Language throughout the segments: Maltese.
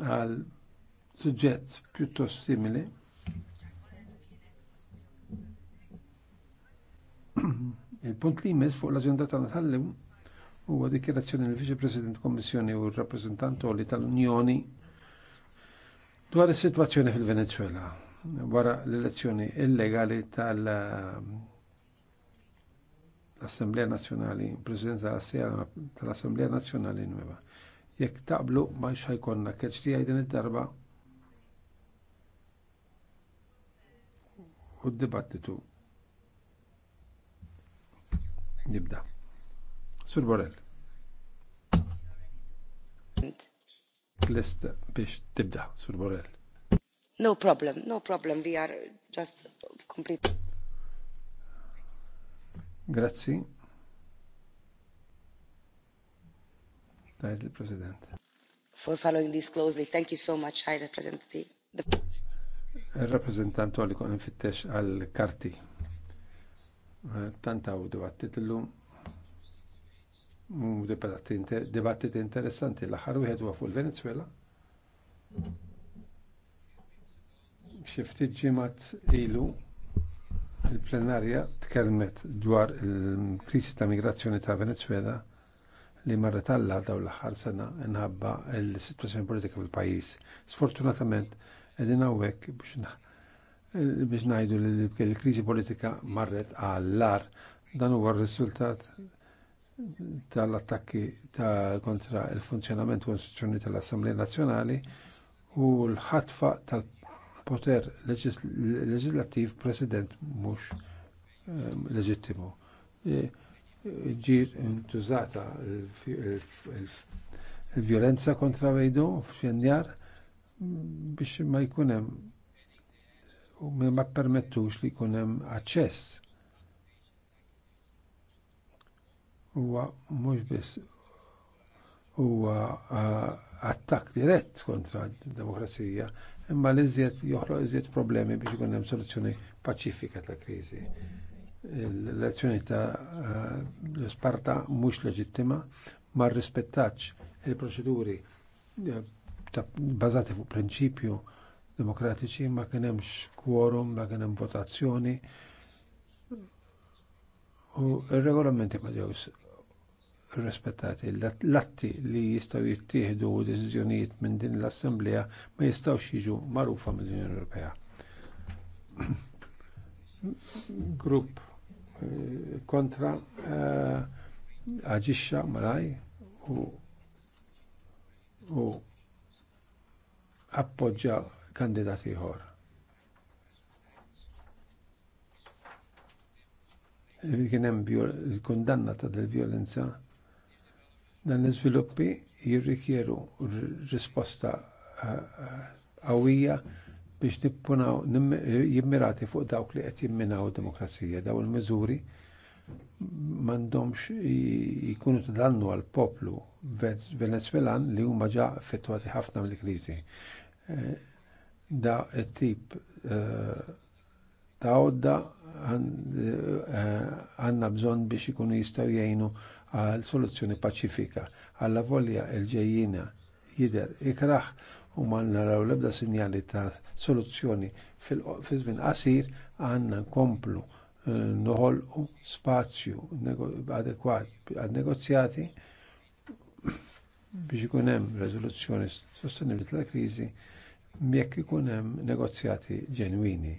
għal suġġett pjuttost simili. Il-punt li jmiss fuq l-agenda ta' tal-lum huwa dikjerazzjoni l viċi President Kommissjoni u r-Rappreżentant li tal-Unjoni dwar is-sitwazzjoni fil-Venezuela wara l-elezzjoni illegali tal- l-Assemblea Nazjonali, Presidenza tal-Assemblea Nazjonali Nueva Jekk taqblu ma xajkonna keċ tiegħi għajden id-darba u d-dibattitu nibda. Sur Borel. Lest biex tibda, Sur Borel. No problem, no problem, we are just complete. Grazie. il-President. For following this closely, thank you so much, High Representative. Il-rappresentant għalli kon fittex għal-karti. Eh, tant għaw dibattit l mm, Dibattit interessanti l-axar il-Venezuela. Xiftit ġimat ilu il-plenarja tkermet dwar il-krisi ta' migrazzjoni ta' Venezuela li marret alla daw l-aħħar sena nħabba l-situazzjoni politika fil-pajjiż. Sfortunatament edin għawek biex biex ngħidu li l-kriżi politika marret għall dan huwa r-riżultat tal-attakki kontra il-funzjonament u tal-Assemblea Nazzjonali u l-ħatfa tal-poter leġislattiv president mhux eh, leġittimu eh, ġir intużata il-violenza kontra vejdu f'xenjar biex ma jkunem u ma permettux li jkunem aċċess. Huwa mhux biss huwa attakk dirett kontra d-demokrazija, imma l-iżjed joħloq problemi biex ikun hemm soluzzjoni paċifika tal-kriżi l-elezzjoni ta' l-Sparta eh, mhux leġittima ma rrispettax il-proċeduri eh, bazati fuq prinċipju demokratiċi ma kien hemmx quorum, ma kien hemm votazzjoni u r-regolamenti ma ġewx rispettati. L-atti li jistgħu jittieħdu deċiżjonijiet minn din l-Assemblea ma jistgħux jiġu magħrufa mill-Unjoni Ewropea. Grupp kontra eh, aġixxa malaj u u appoġġa kandidat ieħor. Eh, kien hemm kundanna ta' del violenza dan l-iżviluppi jirrikjeru risposta eh, qawwija uh, uh, biex nippunaw jimmirati fuq dawk li qed jimminaw demokrazija daw il-miżuri m'għandhomx jikunu t dannu għal poplu Venezuelan li huma ġa affettwati ħafna mill-kriżi. Eh, da tip eh, ta' għodda eh, għanna bżon biex ikunu jistaw jgħinu għal soluzzjoni paċifika. Għalla volja il-ġejjina jider ikraħ u ma naraw l-ebda sinjali ta' soluzzjoni fil-żmien qasir għandna nkomplu eh, noħolqu spazju adekwat għad negozjati biex ikun hemm rezoluzzjoni sostenibbli tal-kriżi jekk ikun hemm negozjati ġenwini.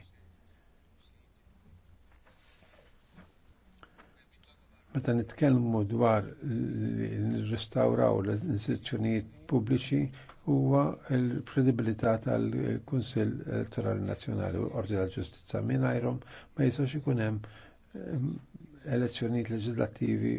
Meta nitkellmu dwar restawraw l-istituzzjonijiet pubbliċi, huwa l-kredibilità tal-Kunsill Elettorali Nazzjonali u Ordi tal-Ġustizza mingħajrhom ma jistax ikun hemm ehm, elezzjonijiet leġislattivi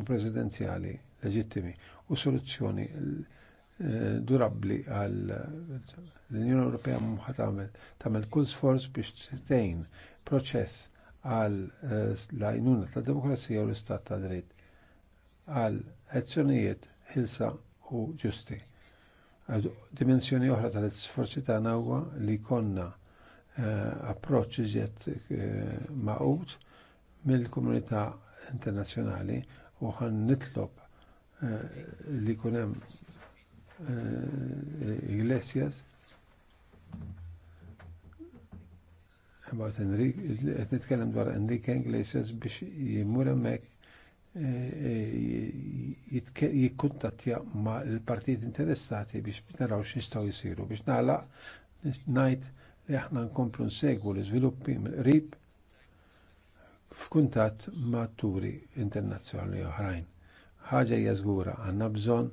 u presidenzjali leġittimi u soluzzjoni eh, durabbli għal l-Unjoni Ewropea mħat tagħmel tagħmel kull sforz biex tgħin proċess għal eh, l-għajnuna tad demokrazija u l-istat ta' dritt għal azzjonijiet ħilsa u ġusti. Dimensjoni oħra tal-sforzi tagħna huwa li konna uh, approċċ iżjed eh, maqut mill-komunità internazzjonali u ħan nitlob eh, li kunem Iglesias about Enrique, nitkellem dwar Enrique Iglesias biex jimur hemmhekk Eh, eh, jikkuntatja ma l-partijiet interessati biex naraw x'nistgħu jsiru biex nagħlaq ngħid li aħna nkomplu nsegwu l-iżviluppi mill-qrib f'kuntatt ma' turi internazzjonali oħrajn. Ħaġa hija żgura għandna bżonn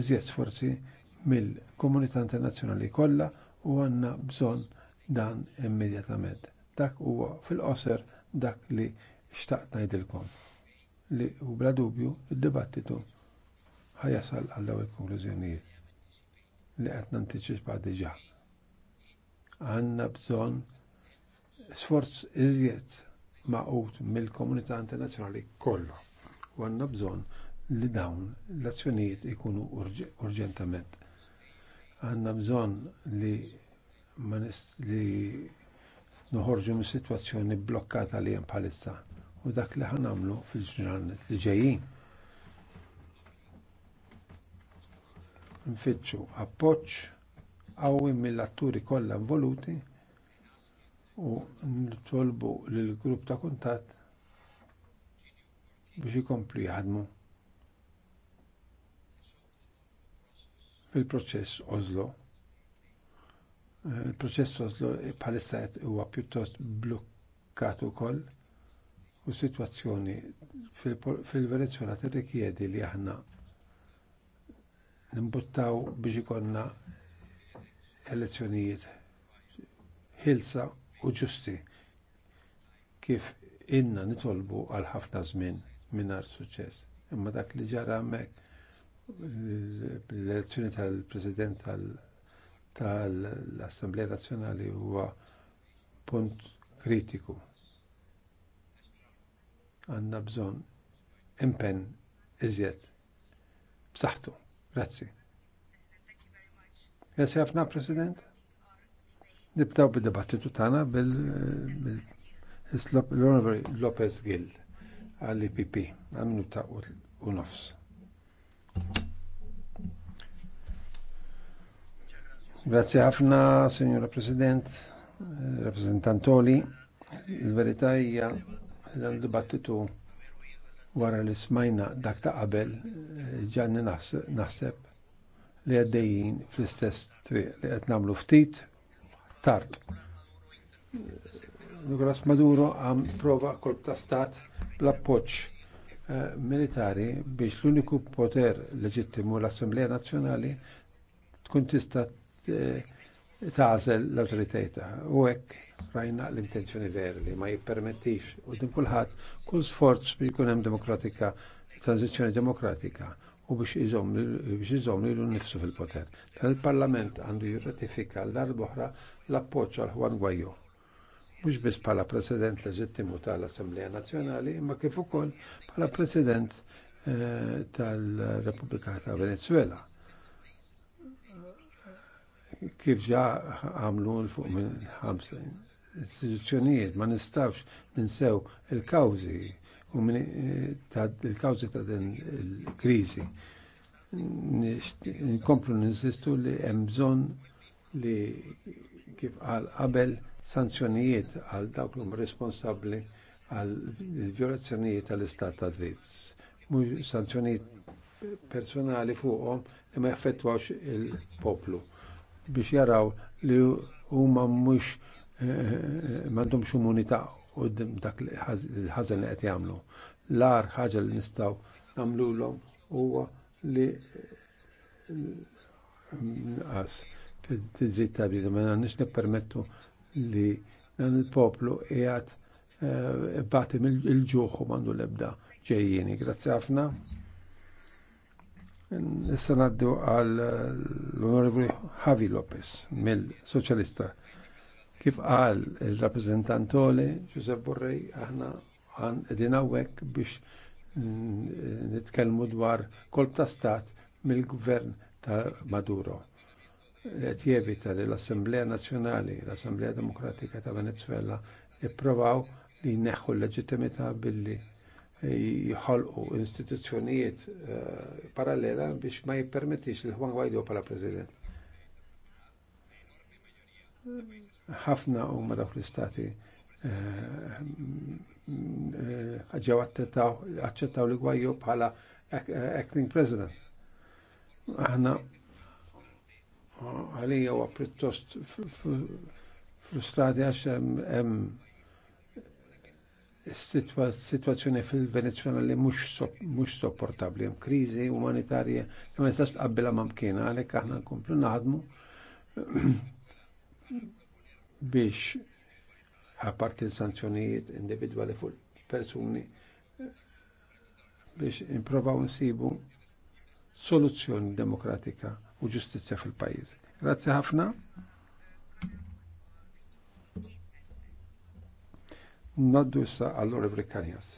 iżjed sforzi mill-komunità internazzjonali kollha u għandna bżonn dan immedjatament. Dak huwa fil-qoser dak li xtaqt ngħidilkom li u bla dubju id-dibattitu ħajasal għal daw il-konklużjonijiet li qed nantiċipa diġà. Għandna bżonn sforz iżjed maqut mill-komunità internazzjonali kollha. U għandna bżonn li dawn l-azzjonijiet ikunu urġentament. Għandna bżonn li ma li noħorġu mis-sitwazzjoni blokkata li hemm bħalissa u dak li ħanamlu fil-ġranet li ġejjin. Nfittxu appoġġ għawi mill-atturi kollha involuti u nitolbu lill grupp ta' kuntatt biex ikomplu jaħdmu fil-proċess Oslo. Eh, il-proċess Oslo bħalissa huwa pjuttost blukkat ukoll U situazzjoni fil-Venezuela tirrikjedi li aħna nimbuttaw biex ikonna elezzjonijiet ħilsa u ġusti kif inna nitolbu għal ħafna żmien mingħajr suċċess. Imma dak li ġara hemmhekk l-elezzjoni tal-President tal-Assemblea Nazzjonali huwa punt kritiku għanna bżon impen iżjed b'saħħtu. Grazzi. Grazzi ħafna President. Nibdaw bid-dibattitu tagħna bil-Honorable Lopez Gill għall-IPP għal minuta u nofs. Grazzi ħafna, Signora President, eh, rappresentantoli. Il-verità hija dan dibattitu wara li smajna dak ta' qabel ġanni naħseb li għaddejjin fl-istess triq li qed nagħmlu ftit tard. Nicolas Maduro għam prova kolb ta' stat bl appoġġ eh, militari biex l-uniku poter leġittimu l-Assemblea Nazzjonali tkun tista' eh, tażel l-autoritajta. U hekk rajna l-intenzjoni veri li ma jippermettix u din kulħadd kull sforz biex jkun hemm demokratika, tranzizzjoni demokratika u biex iżommu lilu nifsu fil-poter. Dan il-Parlament għandu jirratifika l-darbohra l-appoġġ għal Juan Guaidó. Mhux biss bħala President leġittimu tal-Assemblea Nazzjonali, imma kif ukoll bħala President eh, tal-Repubblika ta' Venezuela kif ġa għamlu l-fuq minn ħamsa istituzzjonijiet ma nistafx ninsew il-kawzi u minn il-kawzi ta' din il-krizi. Nkomplu ninsistu li hemm bżonn li kif għal qabel sanzjonijiet għal dawk l responsabbli għal violazzjonijiet tal istat ta' dritt. Mux sanzjonijiet personali fuqhom li ma jaffettwax il-poplu biex jaraw li huma mhux eh, eh, m'għandhomx immunità qudiem dak il-ħażen li qed jagħmlu. L-ar ħaġa li nistgħu nagħmlulhom huwa li nqas eh, fid-dritt ma nix nippermettu li dan il-poplu qiegħed bati il-ġuħ u mandu l-ebda ġejjieni. Grazzi ħafna. Issa naddu għal l-Onorevoli Javi Lopez mill-Soċjalista. Kif qal il-rappresentantole Giuseppe Borrej aħna għan edin dinawek biex nitkellmu dwar kolb ta' stat mill-gvern ta' Maduro. Tjevita li l-Assemblea Nazjonali, l-Assemblea Demokratika ta' Venezuela, ipprovaw li neħu l-leġittimità billi jħolqu istituzzjonijiet eh, parallela biex ma jippermettix li Juan Guaido pala president. Ħafna u ma dawk l-istati eh, ġew accettaw li Guaido pala acting president. Aħna għalija huwa għapritost frustrati għax situazzjoni fil-Venezuela li mux sopportabli, jem krizi umanitarja jem ma nistax tqabbilha mamkina, għalek aħna nkomplu naħdmu biex apparti sanzjonijiet individuali fuq persuni biex improvaw nsibu soluzzjoni demokratika u ġustizja fil pajiz Grazie ħafna. Naddu issa għall-Orevri Kanjas.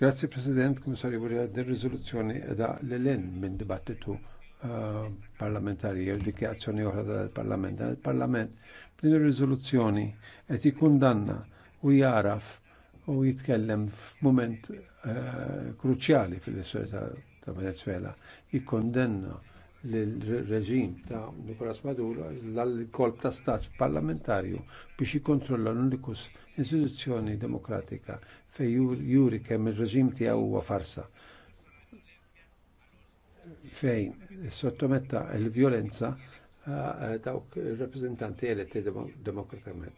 Grazzi President, Komissarju Burja, din riżoluzzjoni edha l-len minn dibattitu eh, parlamentari jew dikjazzjoni oħra tal-Parlament. Dan il-Parlament din ir-riżoluzzjoni qed jikkundanna u jaraf u jitkellem f'mument eh, kruċjali fil-istorja ta' Venezuela. Jikkundenna l-reġim ta' Nicolas Maduro l-kolb ta' staċ parlamentarju biex jikontrolla l-unikus istituzzjoni demokratika fej juri kemm il-reġim tiegħu huwa farsa fejn sottometta l-violenza eh, eh, dawk il-reprezentanti eletti demokratikament.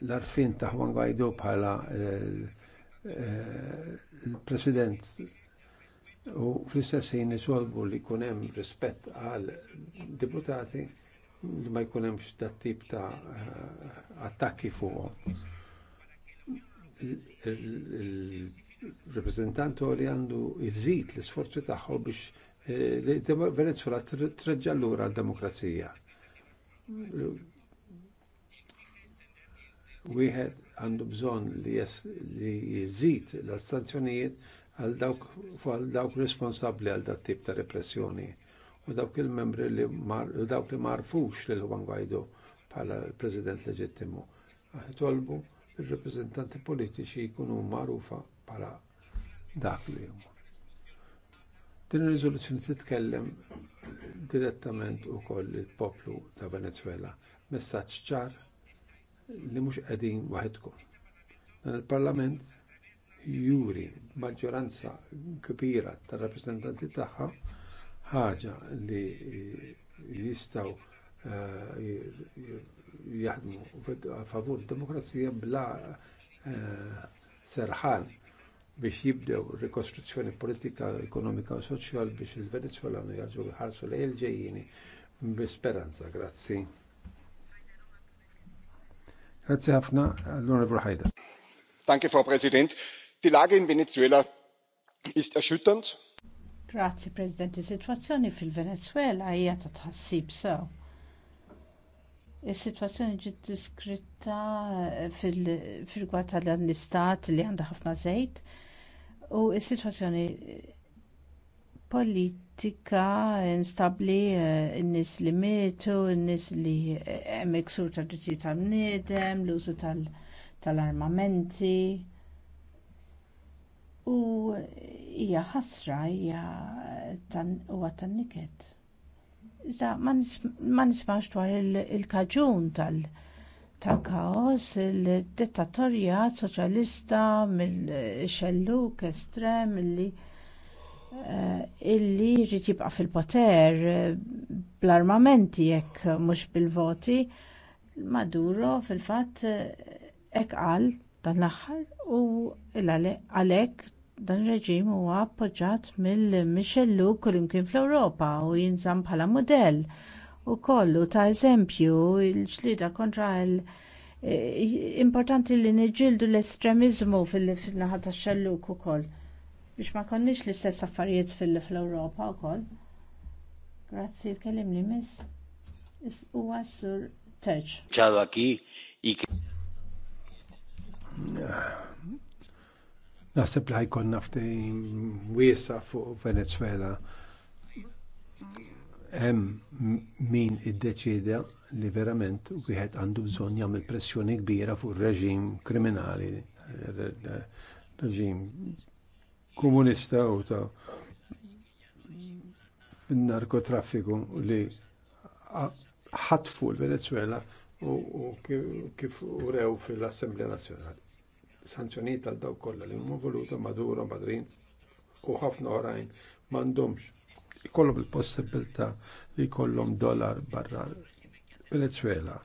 L-arfin ta' Juan Guaido bħala eh, il-president u fl-istessin nisolbu li jkun hemm rispett għal deputati li ma jkun hemmx dat tip ta' attakki fuq. Il-reprezentantu li għandu jizzit l-isforzi tagħhom biex eh, Venezuela treġġa l-ura l-demokrazija. Wieħed għandu bżonn li jizzit l-sanzjonijiet għal dawk responsabbli għal dat tip ta' repressjoni u dawk il-membri li dawk li marfux lil Juan Guaido bħala president leġittimu. Tolbu il-reprezentanti politiċi jkunu magħrufa bħala dak li jom. Din ir-riżoluzzjoni titkellem direttament ukoll il-poplu ta' Venezuela. Messaċ ċar li mhux qegħdin wahedkom. Dan il-Parlament juri maġġoranza kbira tar-rappreżentanti tagħha ħaġa li jistgħu eh, jaħdmu favur demokrazija bla eh, serħan biex jibdew rikostruzzjoni politika, ekonomika u soċjal biex il-Venezuelanu jarġu ħarsu lej il-ġejjini b'speranza, grazzi. Grazzi ħafna, l-Onorevole Ħajda. Danke, Frau President. Die Lage in Venezuela ist erschütternd. Grazzi, President. Is-sitwazzjoni fil-Venezuela hija ta' tħassib sew. Is-sitwazzjoni ġiet diskritta eh, fil-rigward l istat li għandha ħafna żejt u s-sitwazzjoni politika instabbli eh, n-nies li mietu, n-nies li eh, hemm iksur tad-drittijiet tal-bniedem, l-użu tal-armamenti. tal l użu tal armamenti u hija ħasra hija huwa tan-niket. Iżda ma nismax dwar il-kaġun tal- tal-kaos, il-dittatorjat soċjalista mill-xelluk estrem illi eh, illi jrid jibqa' fil-poter bl-armamenti jekk mhux bil-voti. Maduro fil-fatt eh, hekk qal dan l-aħħar u għalhekk dan reġim huwa appoġġjat mill-Michel Luc kullimkien fl-Ewropa u jinżamm bħala mudell u kollu ta' eżempju l-ġlieda kontra l- e, importanti li niġġieldu l-estremiżmu fil-naħa tax xelluk ukoll biex ma konniex l-istess affarijiet fil-Ewropa wkoll. Grazzi l li miss. Huwa sur Terċ. Ċadu Naħseb li ħajkon nafti wiesa fuq Venezuela. Hemm min iddeċida li verament wieħed għandu bżonn jagħmel pressjoni kbira fuq ir-reġim kriminali, reġim komunista u ta' narkotraffiku li ħatfu l-Venezuela u kif urew fil-Assemblea Nazzjonali sanzjoniet tal daw kollha li huma voluta Maduro, Madrin u ħafna oħrajn m'għandhomx ikollhom il-possibilità li jkollhom dollar barra Venezuela.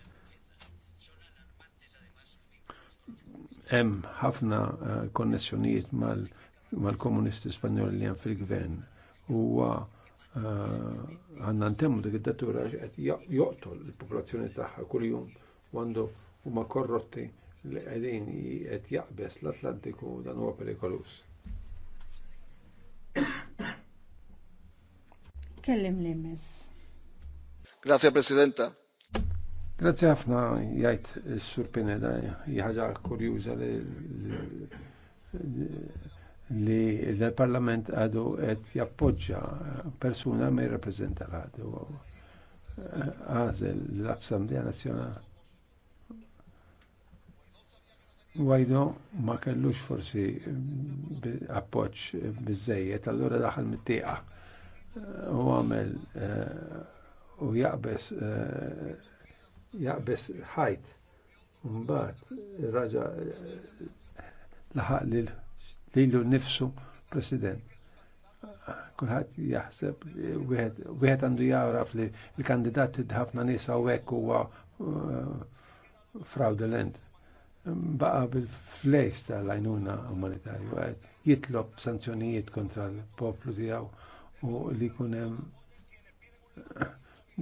Hemm ħafna eh, konnessjonijiet mal-komunisti Spanjoli li hemm fil-gvern. Huwa eh, għandna ntemmu dik id-datura qed joqtol il-popolazzjoni tagħha kuljum għandu huma korrotti li għedin jiet jaqbess l-Atlantiku dan huwa perikolus. Kellim li mis. Grazie Presidenta. Grazie ħafna jgħajt s sur Pineda jħagħa kurjuża li li l-Parlament għadu għed jappoġġa persuna me jirrepresenta l-għadu għazel l-absambleja nazjonali. Guaido ma kellux forsi eh, appoċ eh, bizzejiet, allora daħal mit-tieqa eh, u għamel u jaqbes jaqbes ħajt mbagħad raġa laħaq lilu nifsu president. Kulħadd jaħseb wieħed għandu jaraf li l-kandidat ħafna nies hawnhekk huwa fraudulent baqa bil-flejs tal-għajnuna umanitarju għed jitlob sanzjonijiet kontra l-poplu tijaw u li kunem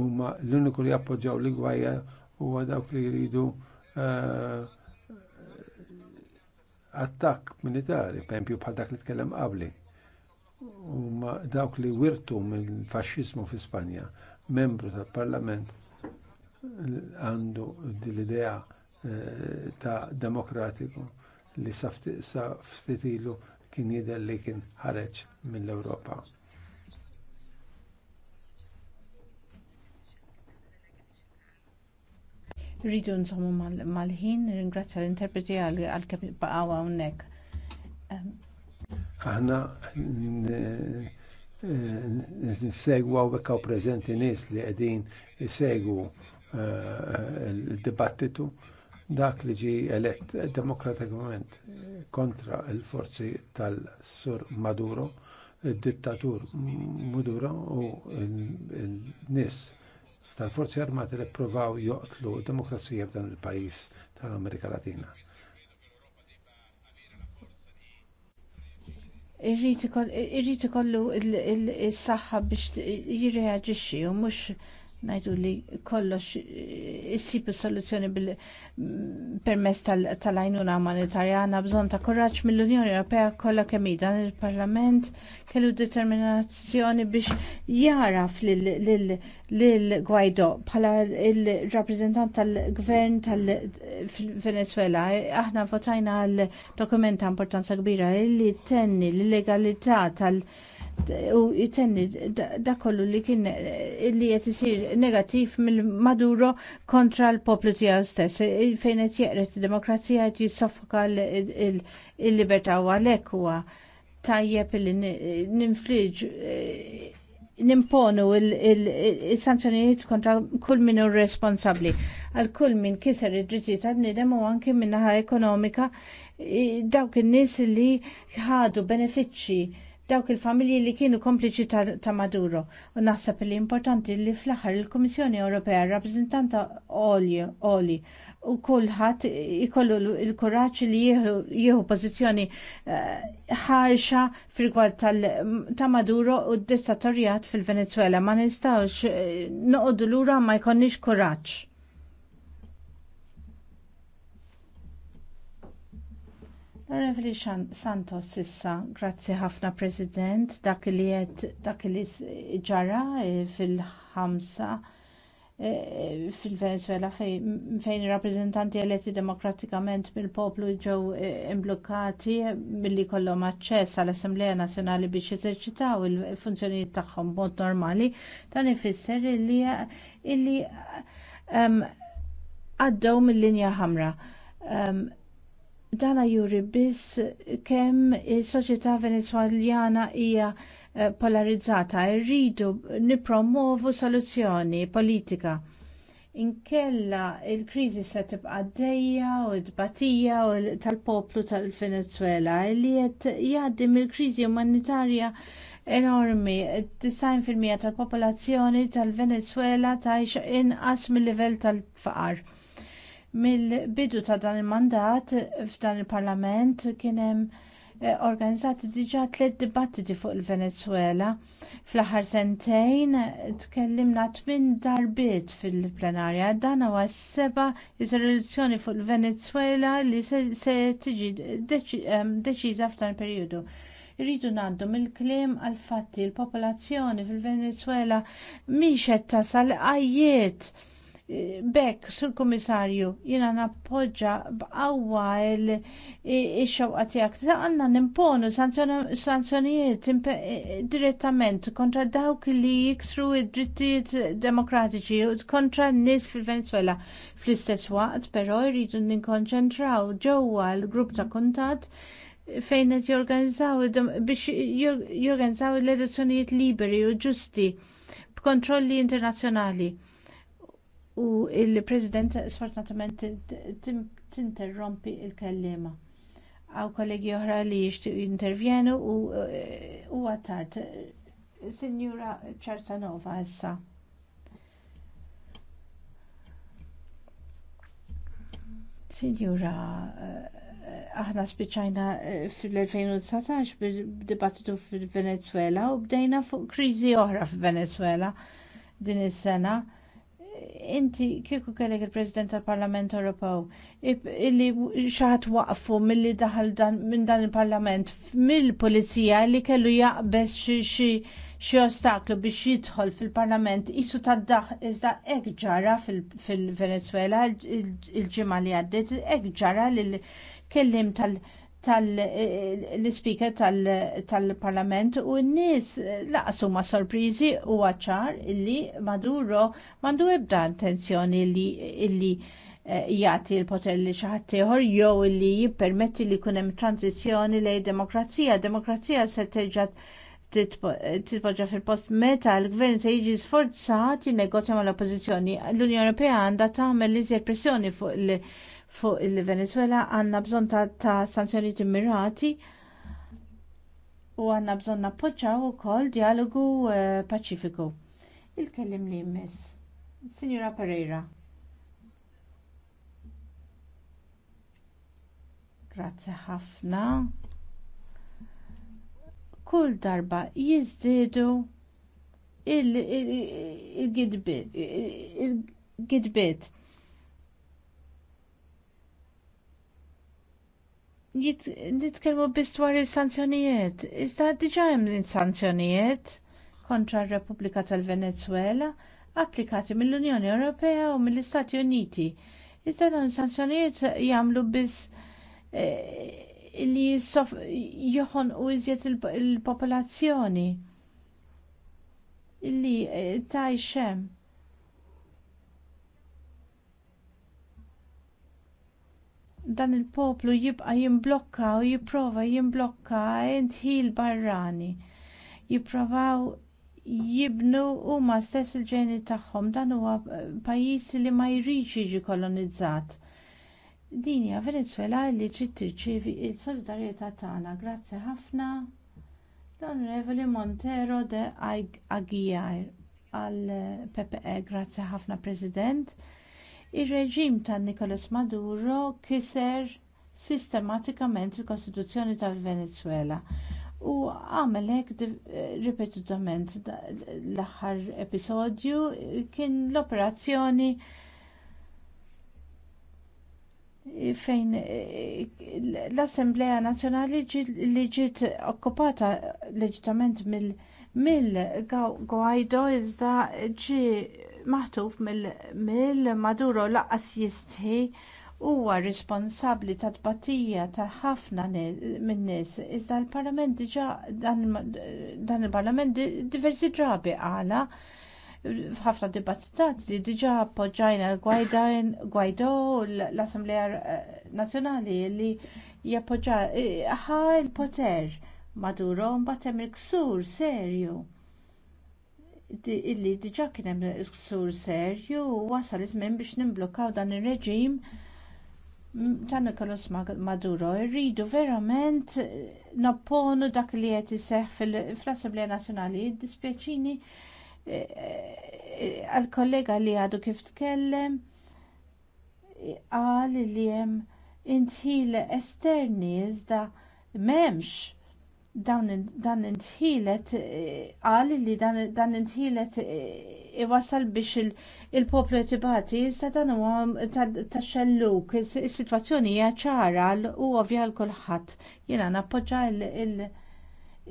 huma l-uniku li appoġġaw li gwajja huwa dawk li jridu eh, attakk militari, pempju bħal dak li tkellem qabli. Huma dawk li wirtu mill-faxxismu fi Spanja, membru tal-Parlament għandu l-idea Eh, ta' demokratiku li saftitilu kien jidher li kien ħareġ mill-Ewropa. Rridu nżommu mal-ħin, ringrazzja l-interpreti għal kemm baqgħu hawnhekk. Ehm. Aħna eh, eh, segwa u bekkaw prezenti nis li qegħdin segwu il-dibattitu dak li ġi elett demokratikament kontra il-forzi tal-sur Maduro, il-dittatur Maduro u il-nis tal-forzi armati li provaw joqtlu demokrazija f'dan il-pajis tal-Amerika Latina. Irriti kollu il saxħa biex jirreagġixxi u mux najdu li kollox eh, issib soluzzjoni bil-permess mm, tal-għajnuna humanitarja għandna bżonn ta' kuraġġ mill-Unjoni Ewropea kollha kemm dan il-Parlament kellu determinazzjoni biex jaraf lil Guaido bħala il-rappreżentant tal-gvern tal-Venezuela. Aħna votajna għal dokumenta importanza kbira li tenni l-legalità tal-, -tal, -tal u jitenni da kollu li kien li qed isir negattiv mill-Maduro kontra l-poplu tiegħu stess fejn qed jeqret id-demokrazija qed jissoffoka l-libertà u għalhekk huwa tajjeb li ninfliġ nimponu il-sanzjonijiet kontra kull min hu responsabbli għal kull min kisar id-drittijiet tal nidem u anke minnaħa ekonomika dawk in-nies li ħadu benefiċċji dawk il-familji li kienu kompliċi ta, ta', Maduro u naħseb li importanti li fl-aħħar il-Kummissjoni Ewropea rappresentanta oli u kulħadd ikollu l-kuraġġ li jieħu pożizzjoni eh, ħarxa uh, frigward ta' Maduro u d-dittatorjat fil-Venezuela ma noqdu eh, noqogħdu lura ma jkollniex kuraġġ. Onorevoli Santos sissa, grazzi ħafna President, dak li jett, dak li ġara eh, fil-ħamsa eh, fil-Venezuela fejn rappresentanti eletti demokratikament mill-poplu ġew eh, mill milli kollhom aċċess għall assembleja Nazzjonali biex jeżerċitaw il-funzjonijiet tagħhom b'mod normali, dan ifisser illi għaddew mill-linja ħamra dana juri biss kemm is-soċjetà venezuelana hija eh, polarizzata, irridu nipromovu soluzzjoni politika. Inkella il-kriżi se tibqa' dejja u d-batija u tal-poplu tal-Venezuela li jett jaddim mill-kriżi umanitarja enormi. 90% tal-popolazzjoni tal-Venezuela tgħix inqas mill-livell tal-faqar. Mill-bidu ta' dan il-mandat f'dan il-parlament kien hemm eh, organizzati diġa tliet dibattiti fuq il-Venezuela. Fl-aħħar sentejn tkellimna tmien darbiet fil-plenarja. Dan huwa s seba' riżoluzzjoni fuq il-Venezuela li se tiġi ehm, deċiża f'dan il-perjodu. Irridu ngħaddu mill-kliem għal fatti l-popolazzjoni fil-Venezuela mhix qed tasal għajjiet Bekk, sur komissarju, jina nappoġġa b'qawwa il-xewqa tiegħek. Għandna nimponu sanzjonijiet direttament kontra dawk li jiksru id-drittijiet demokratiċi u kontra n-nies fil-Venezuela. Fl-istess waqt, però jridu ninkonċentraw ġewwa l-grupp ta' kuntat fejn qed jorganizzaw biex jorganizzaw l-elezzjonijiet liberi u ġusti b'kontrolli internazzjonali u il-President sfortunatament tinterrompi l kellima Għaw kollegi oħra li jixtiequ intervjenu eh, u għattart. Signora Ċarzanova, issa. Signora, eh, aħna spiċajna eh, fil-2019 b'dibattitu fil-Venezuela u bdejna fuq kriżi oħra fil-Venezuela din is-sena inti kieku kellek il-President tal-Parlament Ewropew illi xaħat waqfu milli daħal minn dan il-Parlament mill-Pulizija li kellu jaqbes xi ostaklu biex jidħol fil-Parlament isu tad-daħ iżda hekk ġara fil-Venezuela il-ġimgħa li għaddiet hekk ġara lil kellim tal- tal-speaker eh, eh, tal-parlament u n-nis eh, laqsu ma sorprizi u għacċar illi Maduro mandu ebda intenzjoni illi jgħati l-poter li xaħat teħor jew illi jippermetti li kunem tranzizjoni lej demokrazija. Demokrazija se terġat titpoġġa fil-post meta l-gvern se jiġi sforzat jinnegozja mal-oppozizjoni. L-Unjoni Ewropea għandha tagħmel iżjed pressjoni fuq il- fuq il-Venezuela għandna bżonn ta', ta sanzjonijiet immirati u għandna bżonn nappoġġaw ukoll kol dialogu paċifiku. Il-kellim li jmiss. Signora Pereira. Grazzi ħafna. Kull darba jiżdiedu il-gidbit. il, il, il, il, il, il, il, il, nitkellmu biss dwar is-sanzjonijiet. Iżda diġà hemm sanzjonijiet kontra r-Repubblika tal-Venezuela applikati mill-Unjoni Ewropea u mill-Istati Uniti. Iżda dawn sanzjonijiet jagħmlu biss eh, li joħon u iżjed il-popolazzjoni. Illi eh, tajxem. dan il-poplu jibqa jimblokka u jipprova jimblokka intħil barrani. Jipprovaw jibnu huma stess il-ġeni tagħhom dan huwa eh, pajjiż li ma jridx jiġi kolonizzat. Din hija Venezuela li trid tirċievi s-solidarjetà tagħna. Grazzi ħafna l-Onorevoli Montero de Aguiar għall PPE. Grazzi ħafna President. Ir-reġim ta' Nicolas Maduro kiser sistematikament il-Kostituzzjoni tal-Venezuela u għamel hekk ripetutament l-aħħar episodju kien l-operazzjoni fejn eh, l-Assemblea Nazzjonali li ġiet okkupata leġitament mill-Guaido iżda ġie maħtuf mill-Maduro mil laqqas jistħi huwa responsabbli ta' tbatija ta' ħafna minn nies iżda l-Parlament diġà dan il-Parlament diversi drabi għala f'ħafna dibattitati diġà appoġġajna l-Gwajdo l-Assemblea eh, Nazzjonali li jappoġġa eh, ħa l-poter Maduro mbagħad hemm il-ksur serju illi diġa' kien hemm sur serju u wasal iż-żmien biex nimblokkaw dan ir-reġim ta' Nicolas Maduro. Irridu verament nopponu dak li qed iseħħ fl-Assemblea Nazzjonali. Dispjaċini eh, eh, għall kollega li għadu kif tkellem qal li hemm intħil esterni iżda m'hemmx dan intħielet qal eh, li dan intħielet eh, iwasal biex il-poplu tibati sa dan huwa xelluk is-sitwazzjoni hija ċara u ovvja l kulħadd. Jiena nappoġġa il-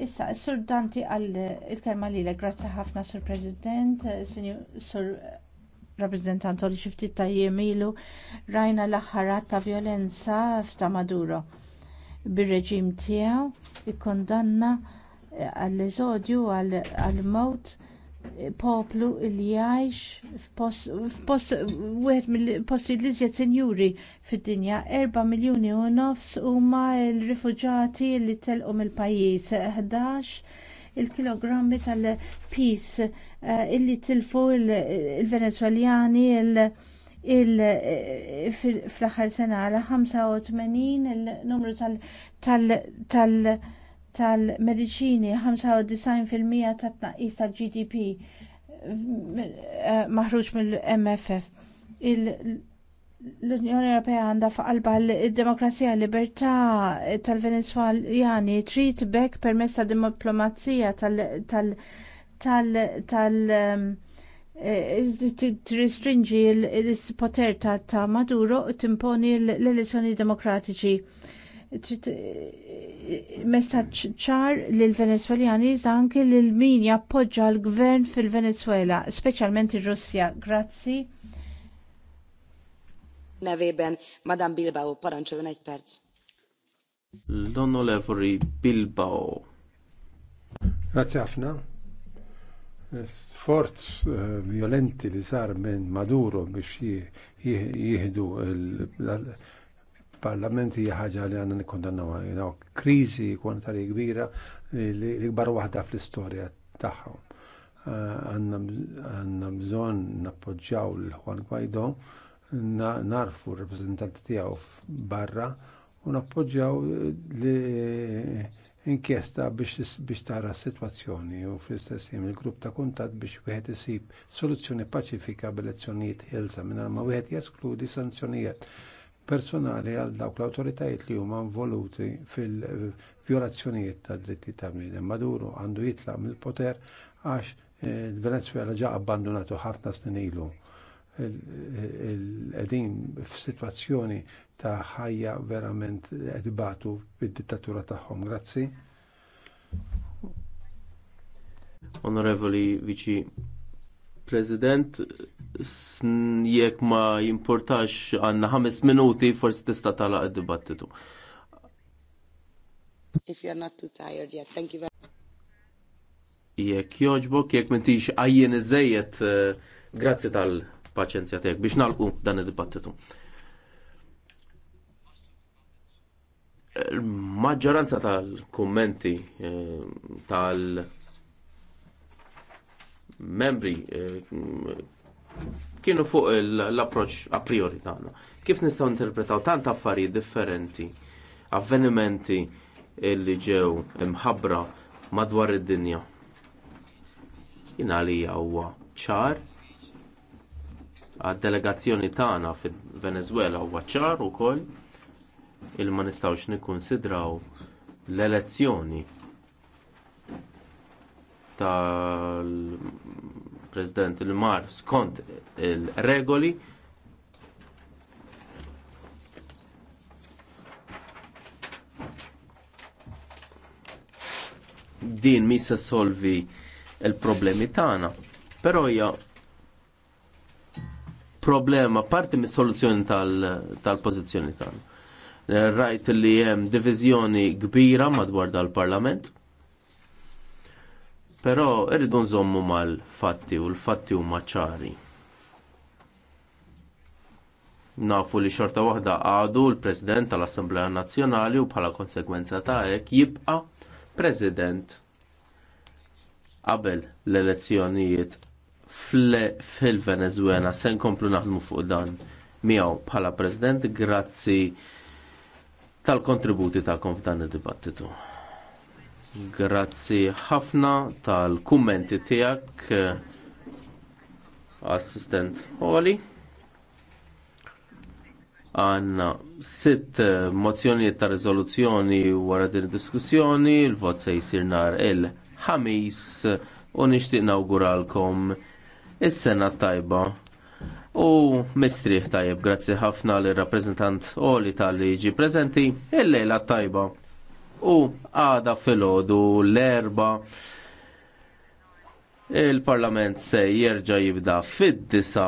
Issa, Sur Danti għal il-kelma li grazzi ħafna Sur President, eh, Sur Rappresentant li xifti ta' jemilu rajna l-axħarat ta' violenza f'ta' Maduro bir-reġim tiegħu ikkondanna eh, għall-eżodju għall-mewt eh, poplu li jgħix f'post wieħed mill-posti li sinjuri fid-dinja 4 miljuni u nofs huma l-rifuġati li telqu mill-pajjiż 11 il-kilogrammi tal-pis eh, illi tilfu il venezwelani il-, -il fl-aħħar sena għala 85 il-numru tal-medicini 95% tat-tnaqqis tal-GDP eh, maħruġ mill-MFF. L-Unjoni Ewropea għandha faqalba l-demokrazija l libertà tal-Venezueljani trid bekk permessa ta' diplomazija tal- tal- tal- tal- Eh, t-restringi l-poter ta' Maduro u timponi l-elezzjoni demokratiċi. Messaċ ċar l-Venezueljani zanki l-min jappoġġa l-gvern fil-Venezuela, specialment il-Russja. Grazzi. Nevében, Madam Bilbao, paranċu egy perz. L-onorevoli Bilbao. Grazie ħafna sforz eh, violenti li sar minn Maduro biex jihdu il parlamenti hija ħaġa li għandna nikkondannaw. Kriżi kwantari kbira li kbar waħda fl-istorja tagħhom. Eh, għandna bżonn nappoġġjaw l-Juan Guaido, narfu r-reprezentanti tiegħu barra u nappoġġjaw li inkjesta biex tara s-sitwazzjoni u fl-istess jem il-grupp ta' kuntat biex wieħed isib soluzzjoni paċifika b'elezzjonijiet ħilsa minn ma wieħed jeskludi sanzjonijiet personali għal dawk l-autoritajiet li huma involuti fil-vjolazzjonijiet ta' dritti ta' bniedem. Maduro għandu jitlaq mill-poter għax il-Venezuela eh, ġa abbandonatu ħafna snin ilu. f f'sitwazzjoni ta' ħajja verament edbatu bid-dittatura tagħhom. Grazzi. Onorevoli Vici President, jekk ma jimportax għandna ħames minuti forsi tista' tagħlaq id-dibattitu. If you're not too tired yet, thank you very much. Jekk joġbok, jekk m'intix għajjen iżejjed, eh, grazzi tal-paċenzja tiegħek biex nalqu dan id-dibattitu. Il-maġġoranza tal-kummenti eh, tal-membri eh, kienu fuq l-approċ a priori tagħna. Kif nistgħu interpretaw tant affarijiet differenti, avvenimenti li ġew imħabbra madwar id-dinja. Jina li huwa ċar għad-delegazzjoni tagħna fil-Venezuela huwa ċar ukoll il ma nistgħux nikkunsidraw l-elezzjoni tal-President il-Mar skont il-regoli din mi se solvi l problemi tagħna, però hija problema parti mis-soluzzjoni tal-pożizzjoni tal tagħna rajt li hemm diviżjoni kbira madwar dal-Parlament. Però irridu nżommu mal-fatti u l-fatti huma ċari. Nafu li xorta waħda għadu l-President tal-Assemblea Nazzjonali u bħala konsegwenza ta' ek jibqa' President qabel l-elezzjonijiet fil-Venezuela se nkomplu naħdmu fuq dan miegħu bħala President grazzi tal-kontributi tagħkom f'dan id-dibattitu. Grazzi ħafna tal-kummenti tiegħek eh, assistent Oli. Għanna sitt eh, mozzjonijiet ta' riżoluzzjoni wara din id diskussjoni, il-vot se jsir nhar il-ħamis u nixtieq nawguralkom is-sena tajba U mistriħ tajib, grazzi ħafna l rappreżentant Oli tal-liġi prezenti, il-lejla tajba. U għada fil-ħodu l-erba il-parlament se jerġa jibda fid-disa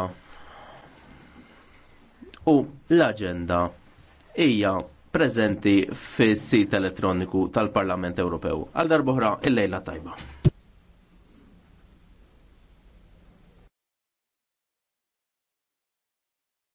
u l-agenda hija prezenti fis-sit elettroniku tal-Parlament Ewropew. Għal darbohra il-lejla tajba.